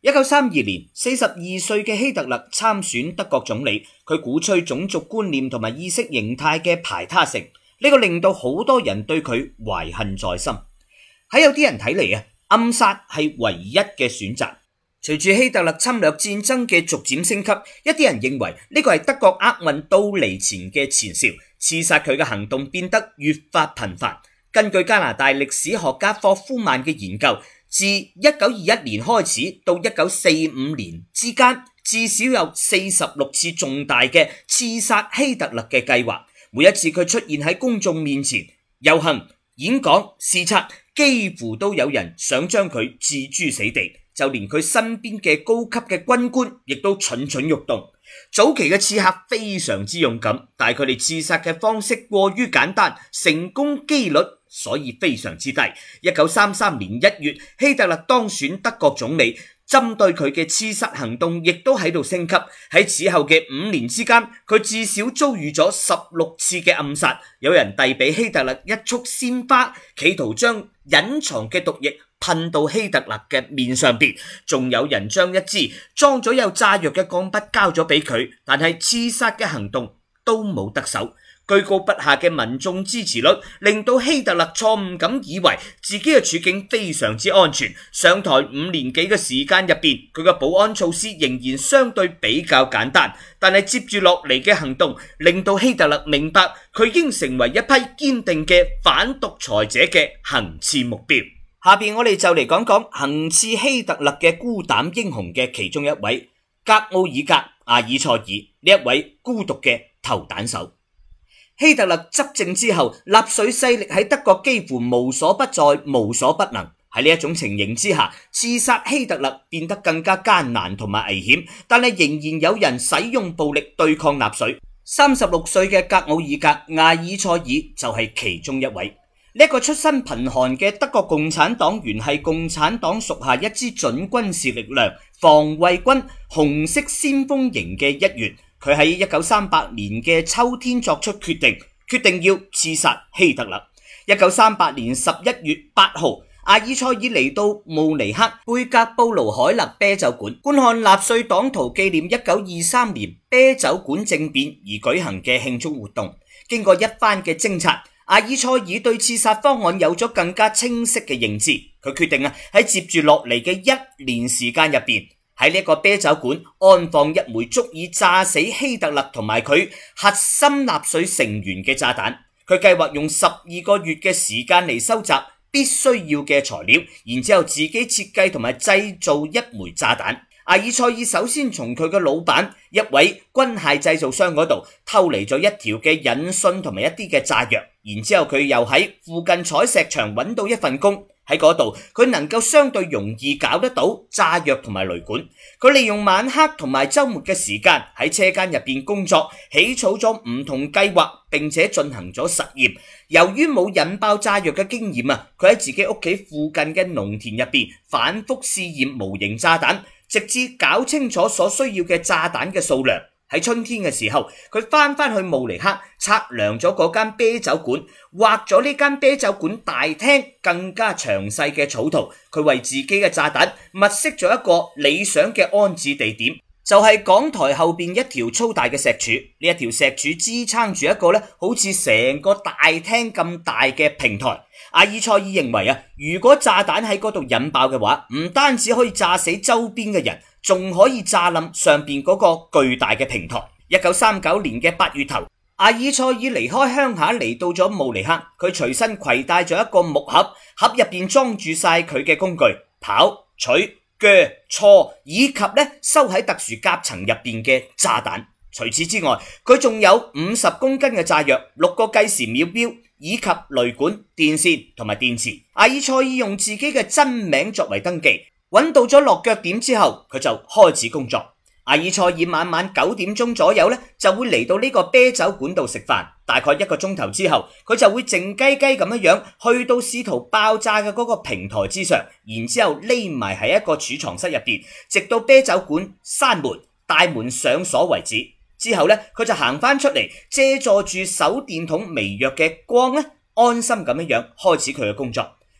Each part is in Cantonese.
一九三二年，四十二歲嘅希特勒參選德國總理，佢鼓吹種族觀念同埋意識形態嘅排他性，呢個令到好多人對佢懷恨在心。喺有啲人睇嚟啊，暗殺係唯一嘅選擇。隨住希特勒侵略戰爭嘅逐漸升級，一啲人認為呢個係德國厄運到嚟前嘅前兆。刺殺佢嘅行動變得越發頻繁。根據加拿大歷史學家霍夫曼嘅研究。自一九二一年開始到一九四五年之間，至少有四十六次重大嘅刺殺希特勒嘅計劃。每一次佢出現喺公眾面前遊行、演講、視察，幾乎都有人想將佢置諸死地。就連佢身邊嘅高級嘅軍官，亦都蠢蠢欲動。早期嘅刺客非常之勇敢，但係佢哋刺殺嘅方式過於簡單，成功機率，所以非常之低。一九三三年一月，希特勒當選德國總理，針對佢嘅刺殺行動亦都喺度升級。喺此後嘅五年之間，佢至少遭遇咗十六次嘅暗殺。有人遞俾希特勒一束鮮花，企圖將隱藏嘅毒液噴到希特勒嘅面上邊；仲有人將一支裝咗有炸藥嘅鋼筆交咗俾佢，但係刺殺嘅行動都冇得手。居高不下嘅民眾支持率，令到希特勒錯誤咁以為自己嘅處境非常之安全。上台五年幾嘅時間入邊，佢嘅保安措施仍然相對比較簡單，但係接住落嚟嘅行動，令到希特勒明白佢已成為一批堅定嘅反獨裁者嘅行刺目標。下邊我哋就嚟講講行刺希特勒嘅孤膽英雄嘅其中一位，格奧爾格·阿爾塞爾，呢一位孤獨嘅投彈手。希特勒執政之後，納粹勢力喺德國幾乎無所不在、無所不能。喺呢一種情形之下，刺殺希特勒變得更加艱難同埋危險，但係仍然有人使用暴力對抗納粹。三十六歲嘅格奧爾格·艾爾塞爾就係其中一位。呢、這、一個出身貧寒嘅德國共產黨員係共產黨屬下一支準軍事力量防衛軍紅色先鋒營嘅一員。佢喺一九三八年嘅秋天作出決定，決定要刺殺希特勒。一九三八年十一月八號，阿爾塞爾嚟到慕尼黑貝格布魯海勒啤酒館觀看納粹黨徒紀念一九二三年啤酒館政變而舉行嘅慶祝活動。經過一番嘅偵察，阿爾塞爾對刺殺方案有咗更加清晰嘅認知。佢決定啊，喺接住落嚟嘅一年時間入邊，喺呢一個啤酒館安放一枚足以炸死希特勒同埋佢核心納粹成員嘅炸彈。佢計劃用十二個月嘅時間嚟收集必須要嘅材料，然之後自己設計同埋製造一枚炸彈。阿爾賽爾首先從佢嘅老闆一位軍械製造商嗰度偷嚟咗一條嘅引信同埋一啲嘅炸藥，然之後佢又喺附近採石場揾到一份工。喺嗰度，佢能夠相對容易搞得到炸藥同埋雷管。佢利用晚黑同埋週末嘅時間喺車間入邊工作，起草咗唔同計劃，並且進行咗實驗。由於冇引爆炸藥嘅經驗啊，佢喺自己屋企附近嘅農田入邊反覆試驗模型炸彈，直至搞清楚所需要嘅炸彈嘅數量。喺春天嘅時候，佢翻翻去慕尼黑測量咗嗰間啤酒館，畫咗呢間啤酒館大廳更加詳細嘅草圖。佢為自己嘅炸彈物色咗一個理想嘅安置地點，就係、是、講台後邊一條粗大嘅石柱。呢一條石柱支撐住一個咧，好似成個大廳咁大嘅平台。阿爾賽爾認為啊，如果炸彈喺嗰度引爆嘅話，唔單止可以炸死周邊嘅人。仲可以炸冧上面嗰個巨大嘅平台。一九三九年嘅八月頭，阿爾賽爾離開鄉下嚟到咗慕尼黑，佢隨身攜帶咗一個木盒，盒入邊裝住晒佢嘅工具：刨、取、鋸、銼，以及呢收喺特殊夾層入邊嘅炸彈。除此之外，佢仲有五十公斤嘅炸藥、六個計時秒錶，以及雷管、電線同埋電池。阿爾賽爾用自己嘅真名作為登記。搵到咗落腳點之後，佢就開始工作。阿爾賽爾晚晚九點鐘左右咧，就會嚟到呢個啤酒館度食飯。大概一個鐘頭之後，佢就會靜雞雞咁樣去到試圖爆炸嘅嗰個平台之上，然之後匿埋喺一個儲藏室入邊，直到啤酒館閂門、大門上鎖為止。之後咧，佢就行翻出嚟，借助住手電筒微弱嘅光，安心咁樣樣開始佢嘅工作。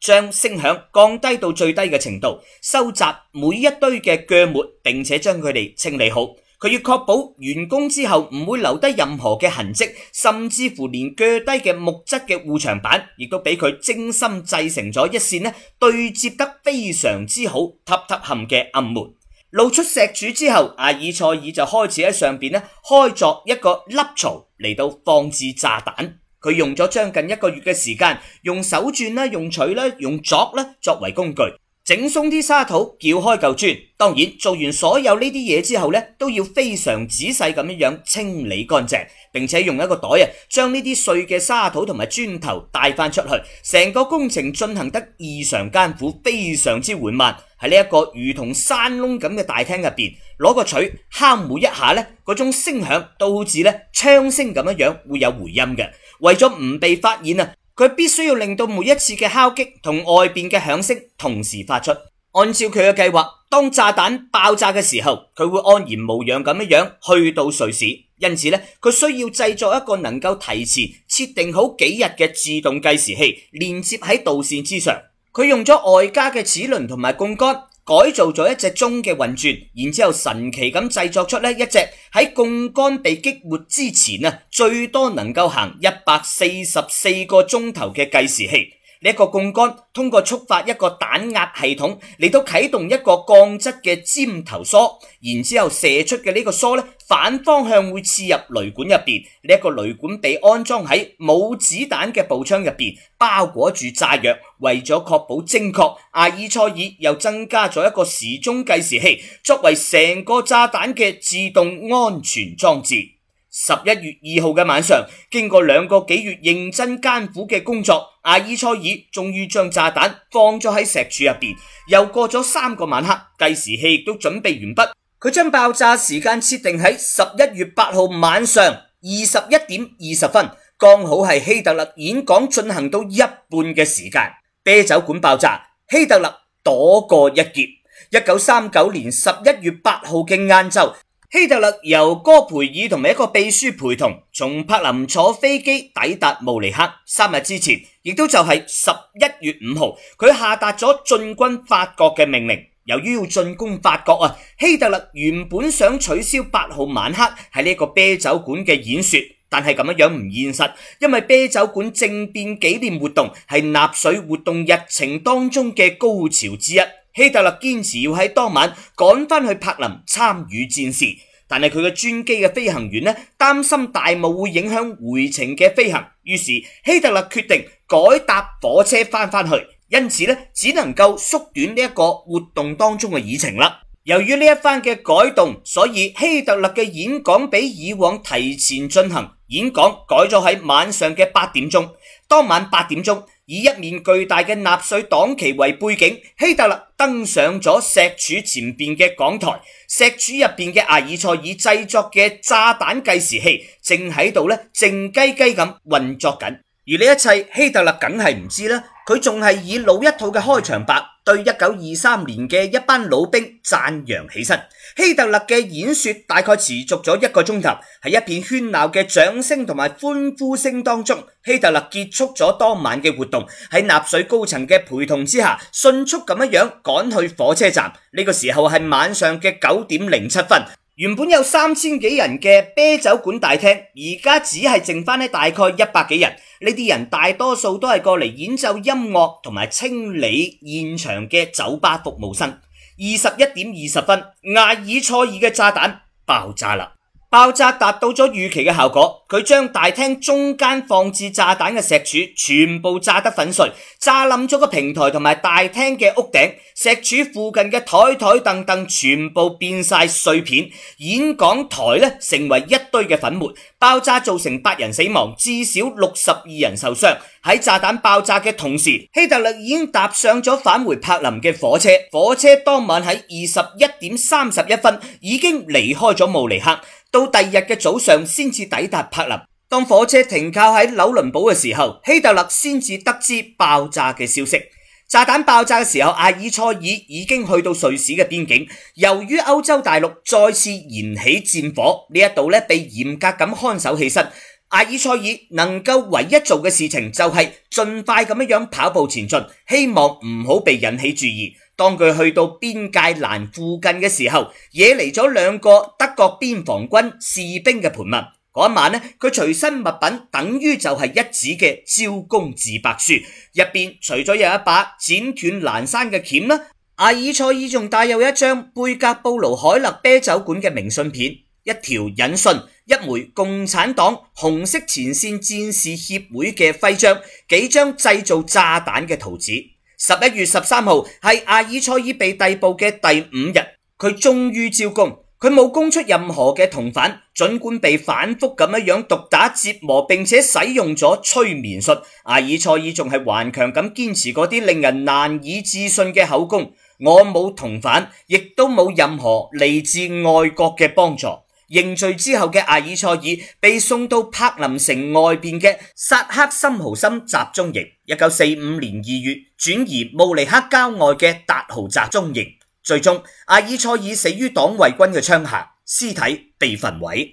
將聲響降低到最低嘅程度，收集每一堆嘅鋸末，並且將佢哋清理好。佢要確保完工之後唔會留低任何嘅痕迹，甚至乎連鋸低嘅木質嘅護牆板，亦都俾佢精心製成咗一線呢，對接得非常之好，塌塌陷嘅暗門露出石柱之後，阿爾塞爾就開始喺上邊呢開鑿一個凹槽嚟到放置炸彈。佢用咗將近一個月嘅時間，用手鑽啦、用錘啦、用鑿啦作為工具，整鬆啲沙土，撬開舊磚。當然做完所有呢啲嘢之後呢，都要非常仔細咁樣樣清理乾淨，並且用一個袋啊，將呢啲碎嘅沙土同埋磚頭帶翻出去。成個工程進行得異常艱苦，非常之緩慢。喺呢一個如同山窿咁嘅大廳入邊，攞個錘敲每一下呢，嗰種聲響導致呢，咧槍聲咁樣樣，會有回音嘅。為咗唔被發現啊，佢必須要令到每一次嘅敲擊同外邊嘅響聲同時發出。按照佢嘅計劃，當炸彈爆炸嘅時候，佢會安然無恙咁樣去到瑞士。因此咧，佢需要製作一個能夠提前設定好幾日嘅自動計時器，連接喺導線之上。佢用咗外加嘅齒輪同埋槓桿。改造咗一隻鐘嘅運轉，然之後神奇咁製作出咧一隻喺槓桿被激活之前，呢最多能夠行一百四十四個鐘頭嘅計時器。呢一個槓桿通過觸發一個彈壓系統，嚟到啟動一個鋼質嘅尖頭梳，然之後射出嘅呢個梳咧，反方向會刺入雷管入邊。呢、這、一個雷管被安裝喺冇子彈嘅步槍入邊，包裹住炸藥，為咗確保精確，阿爾賽爾又增加咗一個時鐘計時器，作為成個炸彈嘅自動安全裝置。十一月二號嘅晚上，經過兩個幾月認真艱苦嘅工作，阿伊崔爾終於將炸彈放咗喺石柱入邊。又過咗三個晚黑，計時器亦都準備完畢。佢將爆炸時間設定喺十一月八號晚上二十一點二十分，剛好係希特勒演講進行到一半嘅時間。啤酒館爆炸，希特勒躲過一劫。一九三九年十一月八號嘅晏晝。希特勒由戈培爾同埋一個秘書陪同，從柏林坐飛機抵達慕尼黑。三日之前，亦都就係十一月五號，佢下達咗進軍法國嘅命令。由於要進攻法國啊，希特勒原本想取消八號晚黑喺呢個啤酒館嘅演說，但係咁樣樣唔現實，因為啤酒館政變紀念活動係納粹活動日程當中嘅高潮之一。希特勒堅持要喺當晚趕翻去柏林參與戰事，但係佢嘅專機嘅飛行員呢，擔心大霧會影響回程嘅飛行，於是希特勒決定改搭火車翻翻去，因此呢，只能夠縮短呢一個活動當中嘅議程啦。由於呢一番嘅改動，所以希特勒嘅演講比以往提前進行，演講改咗喺晚上嘅八點鐘。當晚八點鐘。以一面巨大嘅納粹黨旗為背景，希特勒登上咗石柱前面嘅講台，石柱入面嘅阿爾塞爾製作嘅炸彈計時器正喺度咧靜雞雞咁運作緊。而呢一切希特勒梗係唔知啦，佢仲係以老一套嘅開場白對一九二三年嘅一班老兵讚揚起身。希特勒嘅演說大概持續咗一個鐘頭，喺一片喧鬧嘅掌聲同埋歡呼聲當中，希特勒結束咗當晚嘅活動。喺納粹高層嘅陪同之下，迅速咁樣趕去火車站。呢個時候係晚上嘅九點零七分。原本有三千幾人嘅啤酒館大廳，而家只係剩翻，呢大概一百幾人。呢啲人大多數都係過嚟演奏音樂同埋清理現場嘅酒吧服務生。二十一點二十分，艾爾塞爾嘅炸彈爆炸啦！爆炸達到咗預期嘅效果，佢將大廳中間放置炸彈嘅石柱全部炸得粉碎，炸冧咗個平台同埋大廳嘅屋頂。石柱附近嘅台台凳凳全部變晒碎片，演講台呢成為一堆嘅粉末。爆炸造成八人死亡，至少六十二人受傷。喺炸彈爆炸嘅同時，希特勒已經搭上咗返回柏林嘅火車。火車當晚喺二十一點三十一分已經離開咗慕尼黑。到第二日嘅早上先至抵達柏林。當火車停靠喺紐倫堡嘅時候，希特勒先至得知爆炸嘅消息。炸彈爆炸嘅時候，艾爾塞爾已經去到瑞士嘅邊境。由於歐洲大陸再次燃起戰火，呢一度咧被嚴格咁看守起身。阿爾塞爾能夠唯一做嘅事情就係盡快咁樣跑步前進，希望唔好被引起注意。當佢去到邊界欄附近嘅時候，惹嚟咗兩個德國邊防軍士兵嘅盤問。嗰一晚呢，佢隨身物品等於就係一紙嘅招供自白書，入邊除咗有一把剪斷欄山嘅鉗啦，阿爾塞爾仲帶有一張貝格布魯海勒啤酒館嘅明信片，一條引信。一枚共產黨紅色前線戰士協會嘅徽章，幾張製造炸彈嘅圖紙。十一月十三號係阿爾塞爾被逮捕嘅第五日，佢終於招供，佢冇供出任何嘅同犯，儘管被反覆咁樣樣毒打折磨，並且使用咗催眠術，阿爾塞爾仲係頑強咁堅持嗰啲令人難以置信嘅口供。我冇同犯，亦都冇任何嚟自外國嘅幫助。認罪之後嘅阿爾塞爾被送到柏林城外邊嘅薩克森豪森集中營，一九四五年二月轉移慕尼黑郊外嘅達豪集中營，最終阿爾塞爾死於黨衛軍嘅槍下，屍體被焚毀。